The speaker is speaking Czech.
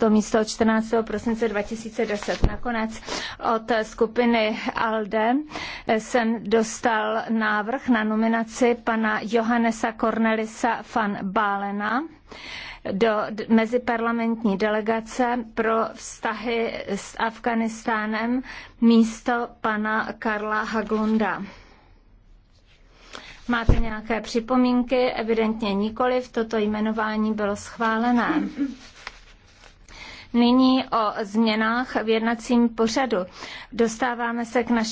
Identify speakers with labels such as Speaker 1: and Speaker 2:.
Speaker 1: to místo 14. prosince 2010. Nakonec od skupiny ALDE jsem dostal návrh na nominaci pana Johannesa Cornelisa van Balena do meziparlamentní delegace pro vztahy s Afganistánem místo pana Karla Haglunda. Máte nějaké připomínky? Evidentně nikoliv. Toto jmenování bylo schválené. Nyní o změnách v jednacím pořadu. Dostáváme se k naší